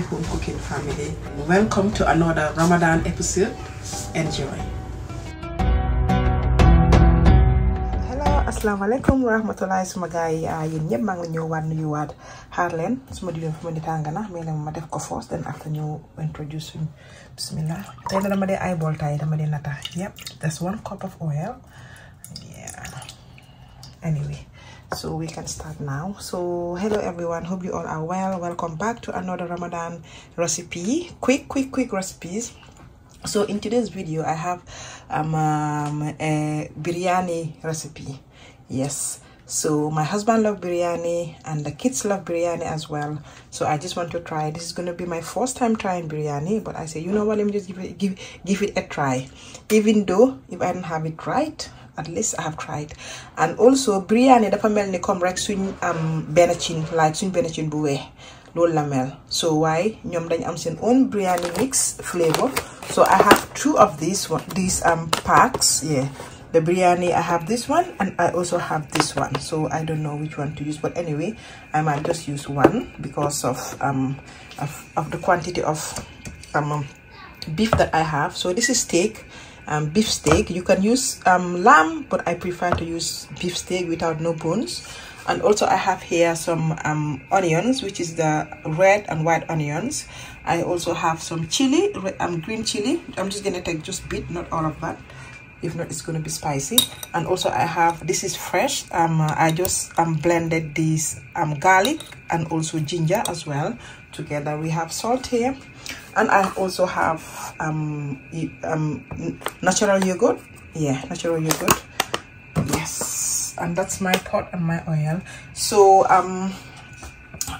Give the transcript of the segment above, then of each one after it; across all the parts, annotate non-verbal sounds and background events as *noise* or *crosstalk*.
family home cooking family. Welcome to another Ramadan episode. Enjoy. Hello, asalaamaaleykum wa rahmatulahi suma gars yi ah, yéen ñëpp maa ngi la ñëw waat nuyuwaat xaar leen suma diwlin fu ma di tàng mais ma def ko force then after ñu introduce suñu bismillah tey na dama dee ay bool tay dama nata yep that's one cup of oil yeah anyway so we can start now so hello everyone hope you all are well welcome back to another ramadan recipe quick quick quick recipes so in today's video i have um, um, a biryani recipe yes so my husband love biryani and the kids love biryani as well so i just want to try this is going to be my first time trying biryani but i say you know what let me just give it give, give it a try even though if i don't have it right at least i have tried and also brillant ne dafa mel ni comme rek suñ am like suñ benn cin bu so waaye i am saying own biryani mix flavor so i have two of these one these um packs yeah the biryani i have this one and i also have this one so i don't know which one to use but anyway i might just use one because of um of, of the quantity of um beef that i have so this is steak um, beef steak. You can use um, lamb, but I prefer to use beef steak without no bones. And also I have here some um, onions, which is the red and white onions. I also have some chili, um, green chili. I'm just gonna take just bit, not all of that. If not, it's gonna be spicy. And also I have, this is fresh. Um, uh, I just um, blended this um, garlic and also ginger as well. Together we have salt here and i also have um um natural yogurt yeah natural yogurt yes and that's my pot and my oil so um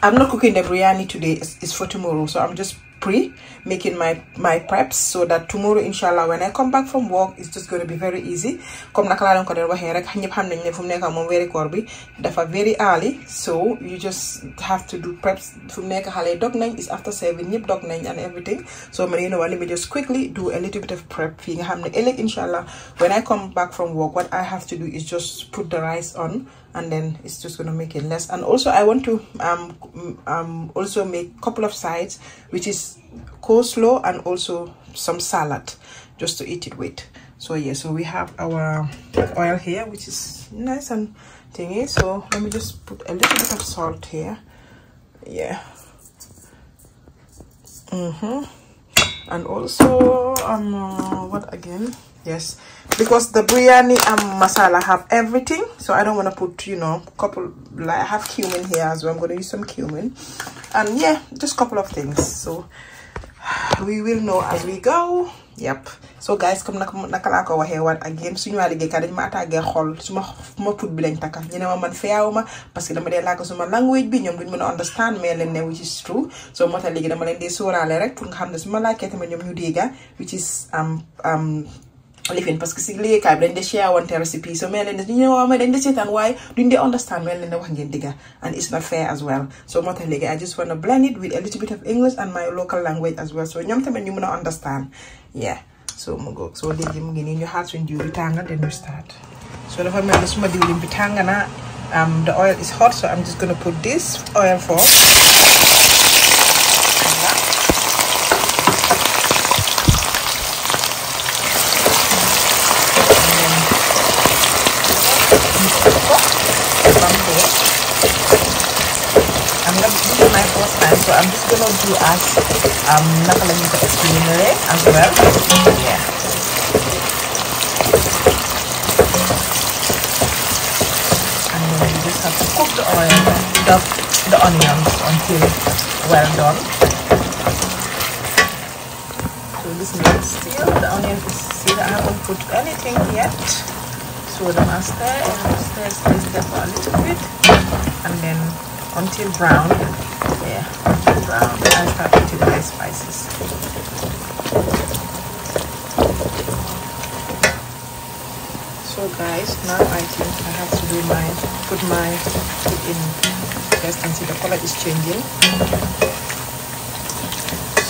i'm not cooking the biryani today it's, it's for tomorrow so i'm just pre making my my preps so that tomorrow inshallah when i come back from work it's just going to be very easy comme naka laa leen ko doon waxee rek ñëpp xam nañ ne fu mu nekk moom very koor bi dafa very early so you just have to do preps fu mu nekk xale dog nañ is after seven Nip dog nañ and everything so man you know let me just quickly do a little bit of prep fii nga xam ne inshallah when i come back from work what i have to do is just put the rice on and then it's just going to make it less and also i want to um, um also make a couple of sides which is coleslaw and also some salad just to eat it with so yeah so we have our oil here which is nice and thingy so let me just put a little bit of salt here yeah mm-hmm and also um uh, what again yes because the biryani and masala have everything so i don't want to put you know couple like i have cumin here as well i'm going to use some cumin and yeah just couple of things so we will know as we go yep so guys come nag naka laa ko waxee woon again suñu waa liggéeykat dañ ma attaqué xol suma ma put bi lañ takka ñu ne ma man feyaawuma parce que dama dee làkk suma language bi ñoom duñ mën understand mais leen ne which is true so moo tax léegi dama leen dee sóoraale rek pour nga xam ne suma làkkee tamit ñu which is um um lifin parce que si léegi dañ de share one recipe so mel leen ñu ñëw ma they de seetaan waaye duñ de understand mel leen wax ngeen digga and it's not fair as well so moo tax I just wanna blend it with a little bit of English and my local language as well so you ñu understand yeah so mu ngoog so léegi mu ngi nii ñu xaar suñ diw bi tànga then we start so dafa mel ne suma diwlin bi tànga na um, the oil is hot so I'm just gonna put this oil for so i'm just gonna do as um nakalagay sa spinner as well yeah and then you just have to cook the oil the, the onions until well done so this means still the onion is still i haven't put anything yet so the master and stir, stir, stir for a little bit and then until brown my spices. So guys, now I think I have to do my, put my food in first and see the color is changing.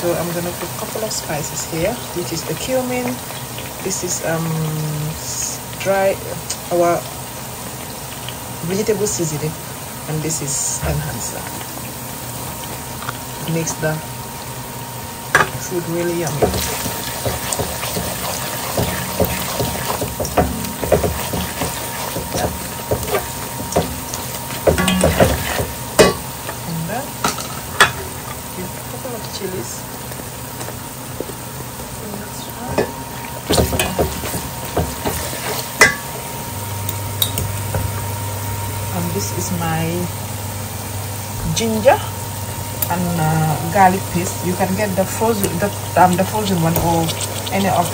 So I'm gonna put a couple of spices here, which is the cumin. This is um, dry, our vegetable seasoning and this is enhancer. makes the food really yummy. And this is my ginger and uh, garlic paste. You can get the frozen, the, um, the frozen one or any of,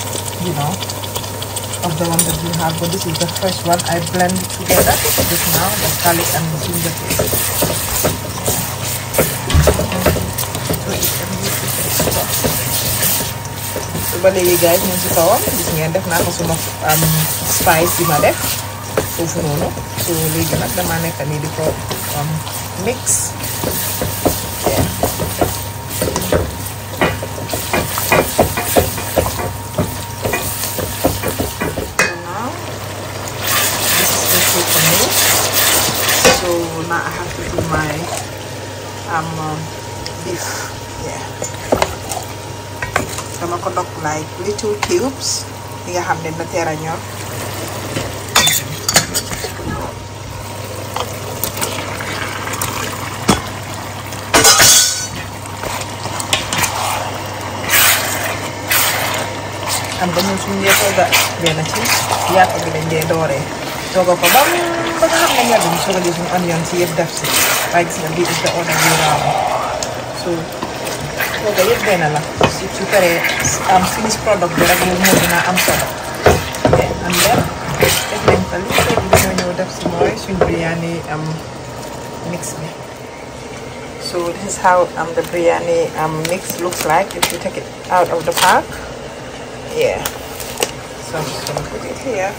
you know, of the one that you have. But this is the fresh one. I blend together. just now, the garlic and the ginger paste. So, ba léegi guys ñu ngi ci kawam gis ngeen def naa ko suma um, spice bi ma def foofu noonu so léegi nag dama nekk nii di ko um, mix so now I have to do my um, beef um, yeah dama ko like little cubes li nga xam ne na teel a ñor am ba ñun suñu dee tooga dia ci pag hanggang yan, gusto ko yung ano yan, CFDF, si kahit sila di ito o nag So, so, gayon din na lang. Si Chupere, finished product, pero gawin mo na ang product. And then, and then, talito, hindi mo nyo dap si Morris, yung biryani, um, mix me. So, this is how um, the biryani um, mix looks like if you take it out of the pack. Yeah. So, I'm just gonna put it here.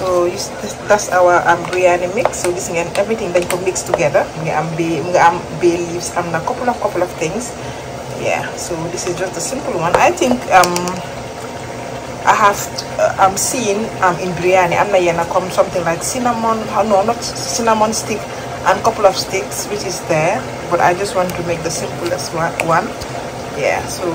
so that's our ambriani um, biryani mix so this and everything you can mix together mu ngi bay leaves and um, a couple of couple of things yeah so this is just a simple one I think um, I have uh, um, seen um, in biryani am gonna come something like cinnamon uh, no not cinnamon stick and couple of sticks which is there but I just want to make the simplest one. yeah so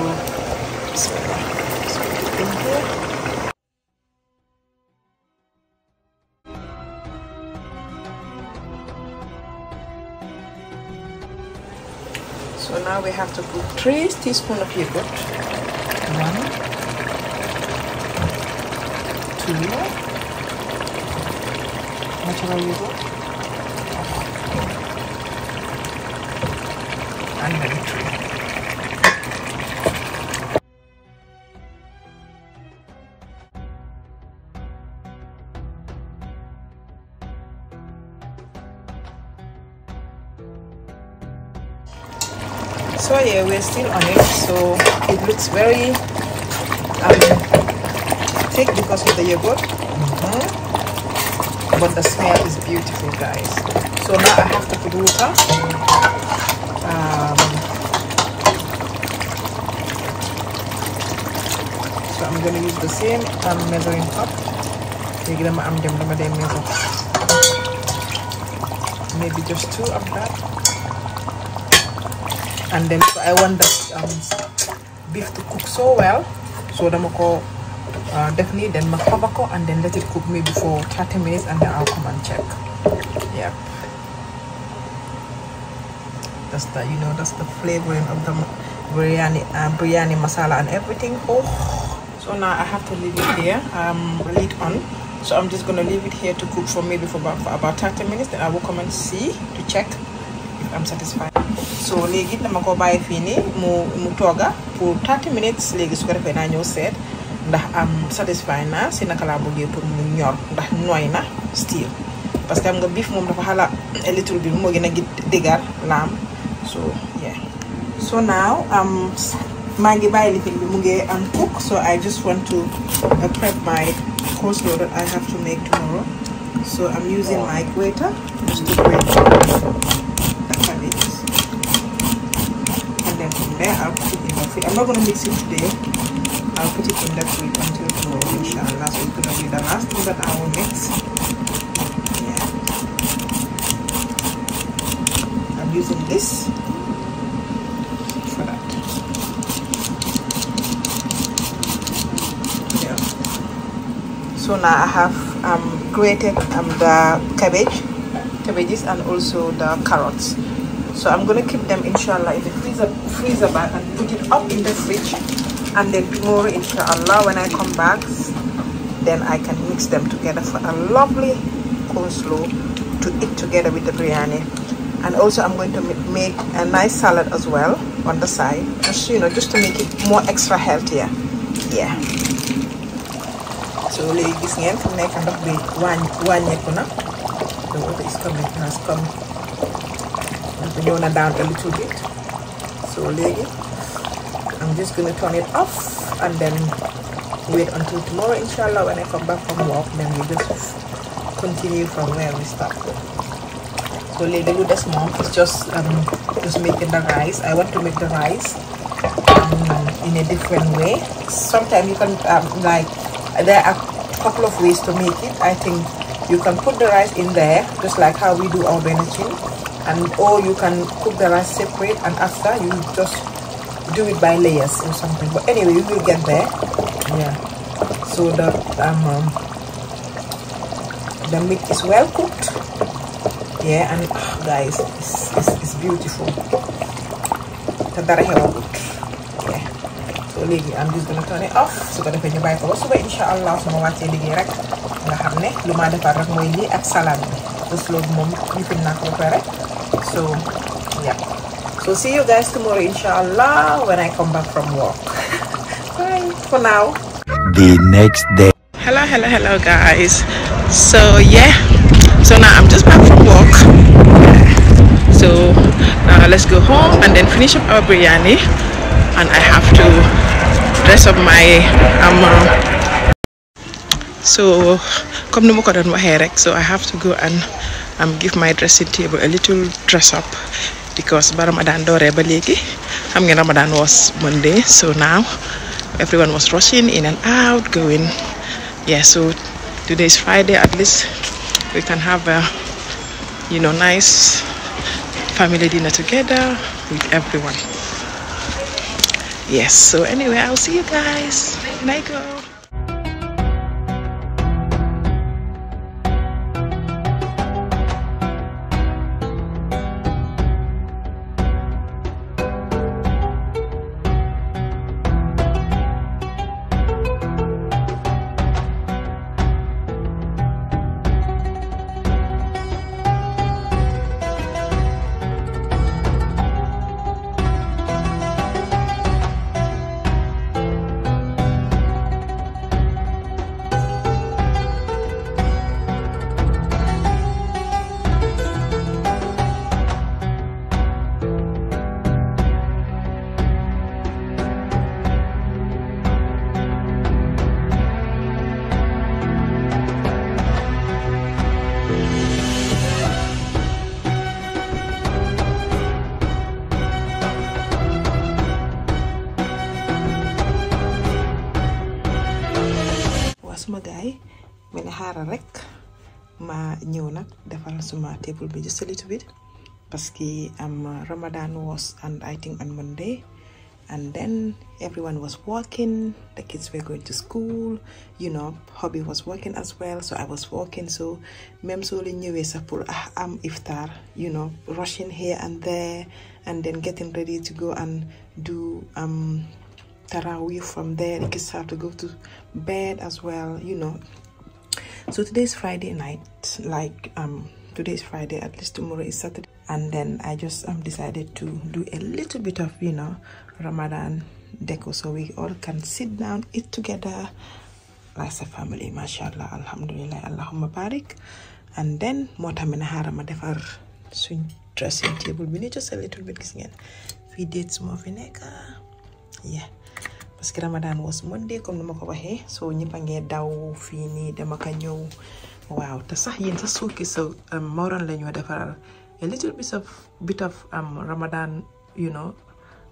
So now we have to put three teaspoons of yogurt. One, two, natural yogurt, and then three. yeah we're still on it so it looks very um, thick because of the yogurt mm -hmm. but the smell is beautiful guys so now I have to put water um, so I'm gonna use the same um, measuring cup maybe um, just two of that and then so I want that um, beef to cook so well so dama ko uh, definitely then ma cover ko and then let it cook maybe for 30 minutes and then I'll come and check yeah that's the you know that's the flavoring of the biryani uh, biryani masala and everything oh so now I have to leave it here um lid on so I'm just gonna leave it here to cook for maybe for about, for about 30 minutes then I will come and see to check if I'm satisfied so léegi dama ko bàyyi fii nii mu mu toga pour 30 minutes léegi su ko defee naa ñëw set. ndax am um, satisfy na si naka laa bëggee pour mu ñor ndax noy na still. parce que am nga biif moom dafa a little bi moo gën a git digar lamb. so yeah so now am um, maa ngi bàyyi lifin bi mu ngi am um, cook so I just want to uh, prep my coleslaw that I have to make tomorrow so I'm using my grater just to grate I'm not going to mix it today. I'll put it in the fridge until tomorrow, inshallah. So it's going to be the last thing that I will mix. Yeah. I'm using this for that. Yeah. So now I have um, grated um, the cabbage, cabbages and also the carrots so i'm gonna keep them inshallah in the freezer freezer bag and put it up in the fridge and then tomorrow inshallah when i come back then i can mix them together for a lovely coleslaw to eat together with the biryani and also i'm going to make a nice salad as well on the side just you know just to make it more extra healthier yeah so ladies and gentlemen, kind of one. One you the water is coming, has come ñëw na down a little bit so léegi I'm just gonna turn it off and then wait until tomorrow inshallah when I come back from work then we just continue from where we start. so lady lu des moom just um, just making the rice I want to make the rice um, in a different way sometimes you can um, like there are a couple of ways to make it I think you can put the rice in there just like how we do our benachin and or you can cook the rice separate and after you just do it by layers or something but anyway you will get there yeah so the um, um the meat is well cooked yeah and oh, guys it's, it's, it's beautiful yeah so lady, i I'm just gonna turn it off So ko defee ñu bàyyi for also suba insha allah su ma wàccee liggéey rek nga xam ne lu ma defar rek mooy lii ak salade bi so, yeah. So, see you guys tomorrow, inshallah, when I come back from work. *laughs* Bye for now. The next day. Hello, hello, hello, guys. So, yeah. So, now I'm just back from work. So, now let's go home and then finish up our biryani. And I have to dress up my um, so come no more than my hair so I have to go and um, give my dressing table a little dress up because Ramadan Dore Balegi, I mean Ramadan was Monday, so now everyone was rushing in and out, going. Yeah, so today is Friday. At least we can have a you know nice family dinner together with everyone. Yes. So anyway, I'll see you guys when xaaral rek ma ñëw nag defal suma table bi just a little bit parce am Ramadan was and I think on Monday and then everyone was working the kids were going to school you know hobby was working as well so i was working so mem so ñewé sa pour ah, am iftar you know rushing here and there and then getting ready to go and do um tarawih from there the kids have to go to bed as well you know so today's friday night like um today's friday at least tomorrow is saturday and then i just um decided to do a little bit of you know ramadan deco so we all can sit down eat together as a family mashallah alhamdulillah allahumma barik and then moo tax mi ne xaaral ma defar swing dressing table We need just a little bit gis ngeen We dates some of vinegar. yeah parce que ramadan was monday comme dama ko waxee So, ñëpp a daw fi ni dama ka ñew waaw ta sax yéen sa suuki um, sa mawran lañu a little bit of bit of um, ramadan you know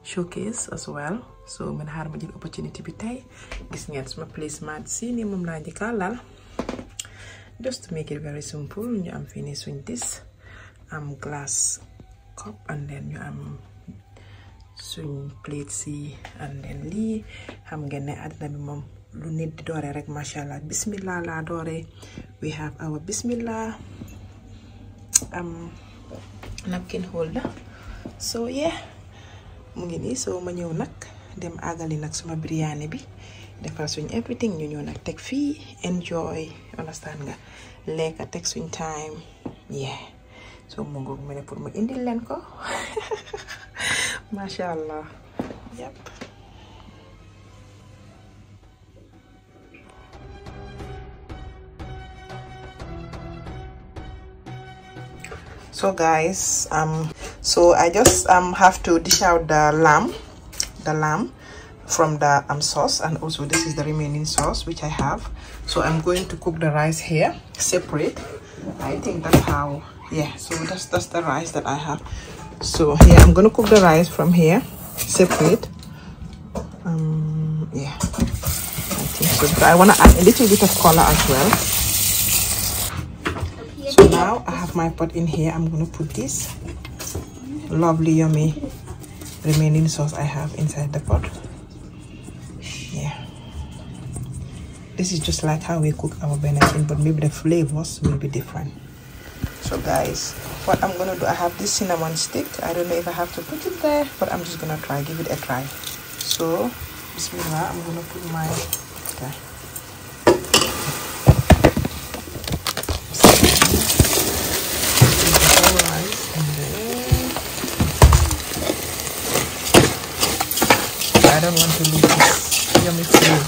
showcase as well so man har ma jël opportunity bi tay gis ngeen sama placement si ni mom la njëkka lal just to make it very simple ñu am fini suñ dis am glass cup and then ñu am suñ plate si and then lii xam ngeen ne àddina bi moom lu nit di doore rek machallah bismillah la doore we have our bismillah um napkin holder so yeah mu ngi nii so ma ñëw nag dem àggali nag suma biryani bi defal suñ everything ñu ñëw nag teg fii enjoy understand nga a teg suñ time yeah so mu ngoog mu ne pour mu indil leen ko *laughs* mashallah yep so guys um so i just um have to dish out the lamb the lamb from the um, sauce and also this is the remaining sauce which i have so i'm going to cook the rice here separate i think that's how yeah so that's that's the rice that i have so here i'm gonna cook the rice from here separate um yeah i think so but i want to add a little bit of color as well so now i have my pot in here i'm gonna put this lovely yummy remaining sauce i have inside the pot yeah this is just like how we cook our venison but maybe the flavors will be different so guys what i'm gonna do i have this cinnamon stick i don't know if i have to put it there but i'm just gonna try give it a try so bismillah i'm gonna put my okay I don't want to leave this yummy food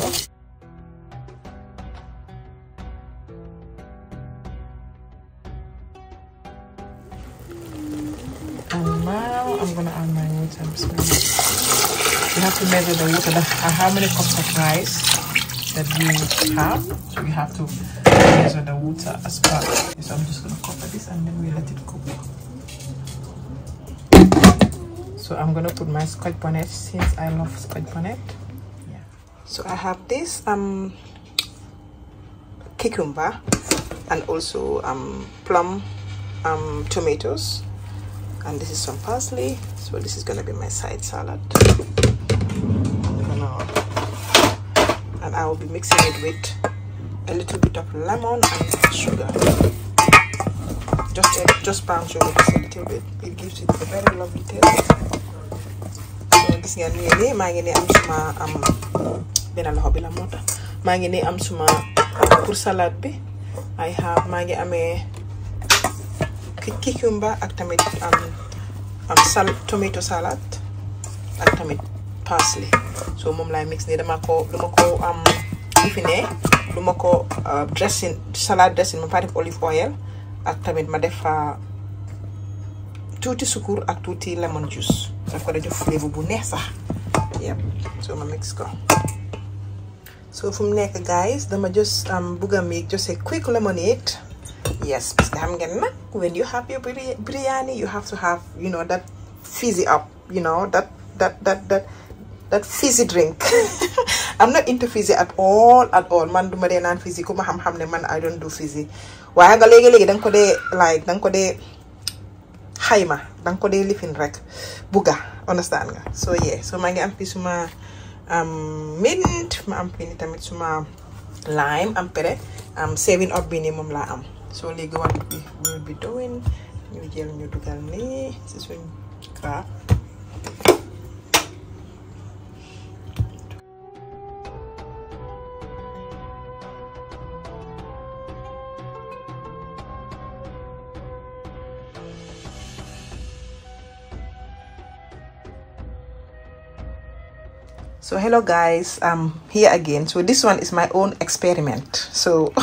measure the water the, how many cups of rice that you have so you have to measure the water as well. so i'm just going to cover this and then we let it cook so i'm going to put my squid bonnet since i love squid bonnet yeah so i have this um cucumber and also um plum um tomatoes and this is some parsley so this is going to be my side salad I'll be mixing it with a little bit of lemon and sugar. Just uh, just brown sugar just a little bit. It gives it a very lovely taste. So gis ngeen nii nii maa ngi ne am suma am benn loxo I have maa ngi cucumber ak tamit am um, um, sal tomato salad ak tamit parsley so moom laay mix nii dama ko dama ko am. Um, lifiné lu ma ko uh, dressing salad dressing ma fa def olive oil ak tamit ma def fa tuuti sukur ak tuuti lemon juice daf ko da jox flavor bu neex sax yep so ma mix ko so fu mu nekk guys dama just am bugg a just a quick lemonade yes because I'm getting when you have your biryani you have to have you know that fizzy up you know that that that that that fizzy drink *laughs* I'm not into fizzy at all at all man duma dee naan fizzy ku ma xam-xam ne man I don't do fizzy waaye nga léegi-léegi danga ko dee like ko dee xayma danga ko dee lifin rek bugga understand nga so yeah so maa am fi suma um, mint ma am fi tamit suma lime am pere saving up bi nii moom laa am so léegi what we will be doing ñu jël ñu dugal nii si suñ craft so hello guys i'm here again so this one is my own experiment so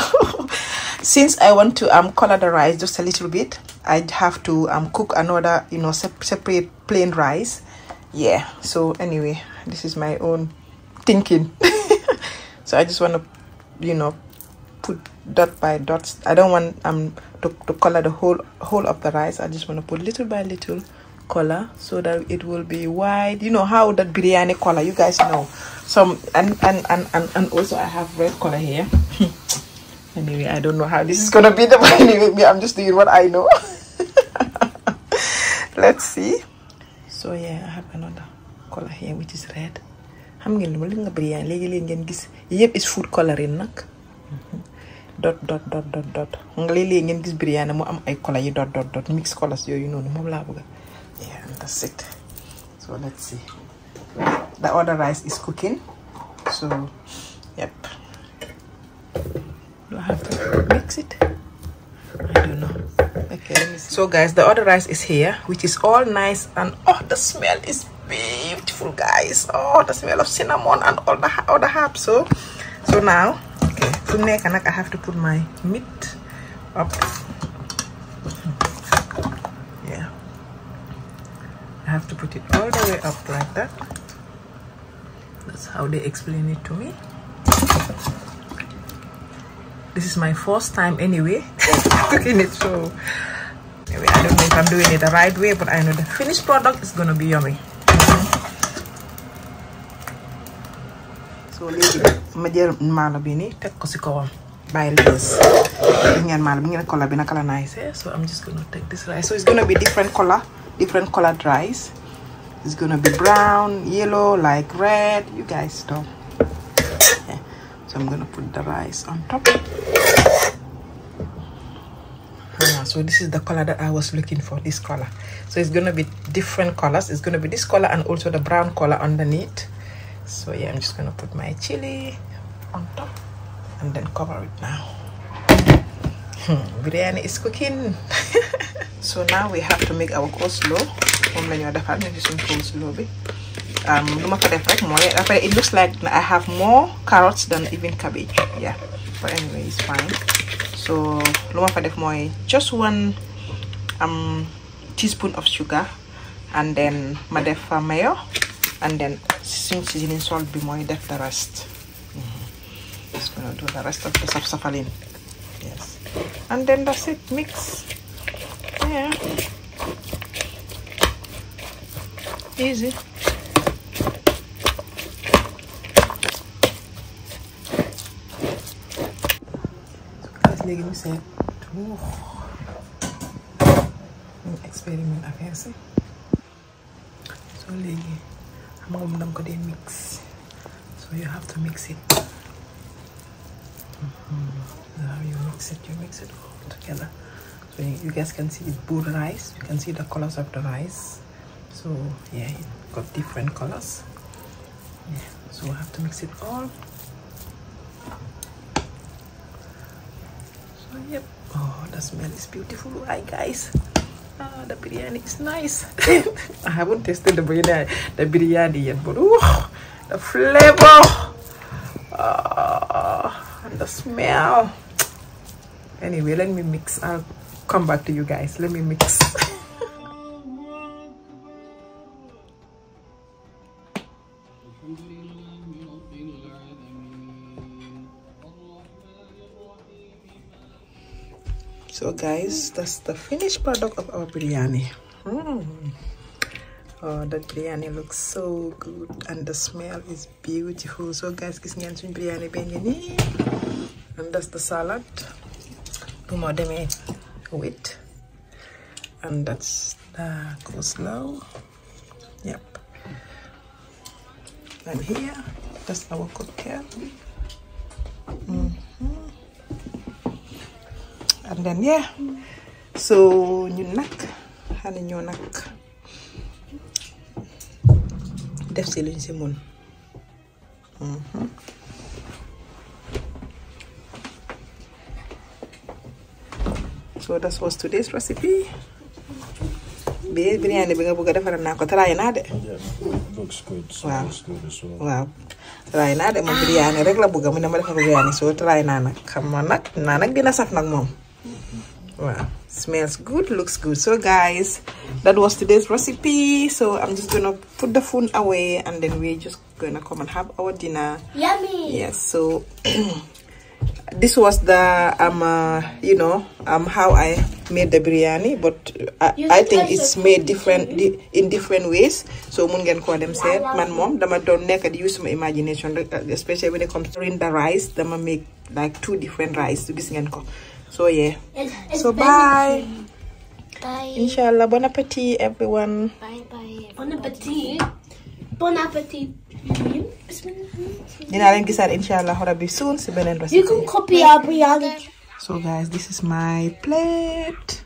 *laughs* since i want to um color the rice just a little bit i would have to um cook another you know separate plain rice yeah so anyway this is my own thinking *laughs* so i just want to you know put dot by dot i don't want um to, to color the whole whole of the rice i just want to put little by little color so that it will be white you know how that biryani color you guys know some and and and and, and also i have red color here *laughs* anyway i don't know how this is gonna be the *laughs* anyway i'm just doing what i know *laughs* let's see so yeah i have another color here which is red xam ngeen biryani léegi léegi ngeen gis is food coloring nak? dot dot dot dot dot léeg-léeg ngeen gis biryani mo am ay color yi dot dot dot mix colors yo. You know, moom laa bëgg that's it so let's see the other rice is cooking so yep do i have to mix it i don't know okay so guys the other rice is here which is all nice and oh the smell is beautiful guys oh the smell of cinnamon and all the other herbs so so now okay from there i have to put my meat up have to put it all the way up like that that's how they explain it to me this is my first time anyway *laughs* cooking it so anyway i don't know if i'm doing it the right way but i know the finished product is gonna be yummy so so I'm just gonna take this rice so it's gonna be different color different colored rice it's gonna be brown yellow like red you guys know yeah. so i'm gonna put the rice on top yeah, so this is the color that i was looking for this color so it's gonna be different colors it's gonna be this color and also the brown color underneath so yeah i'm just gonna put my chili on top and then cover it now hmm, biryani is cooking *laughs* so now we have to make our coleslaw moom la many other ñu ngi suñu coleslaw bi it looks like I have more carrots than even cabbage yeah but anyway it's fine so just one um, teaspoon of sugar and then ma def mayo and then suñu seasoning salt Be more def the rest mm-hmm. just gonna do the rest of the saf-safalin yes and then that's it mix fire. Easy. Ligging me said, An experiment I fancy. So léegi xam nga moom dama ko dee mix so you have to mix it mm -hmm. now you mix it you mix it all together so you guys can see the blue rice you can see the colors of the rice so yeah it got different colors yeah so i have to mix it all so yep oh the smell is beautiful right guys ah, the biryani is nice *laughs* i haven't tasted the biryani the biryani yet but oh the flavor ah, and the smell anyway let me mix up come back to you guys let me mix *laughs* so guys that's the finished product of our biryani mm. oh that biryani looks so good and the smell is beautiful so guys this ngeen biryani bi and that's the salad bu ma demee eh. It and that's the coleslaw yep and here that's our cocktail mm -hmm. and then yeah so new neck and new neck def si simon si mun mm-hmm. so that was today's recipe bi biryani bi nga bëgg a defaral naa ko Wow, naa de. so smells good looks good so guys that was today's recipe so i'm just gonna put the phone away and then we're just gonna come and have our dinner yummy yes so *clears throat* this was the um uh, you know um how i made the biryani but uh, i, I think it's made different di in different ways so mun ngeen koo dem seet man mom dama doon nekk di use my imagination uh, especially when it comes to in the rice dama make like two different rice gis ngeen ko so yeah so bye bye inshallah bon appétit everyone bye bye bon appétit Bon appetit. Dina leen gisaat inshallah rabbi soon si beneen recipe. You can copy our reality. So guys, this is my plate.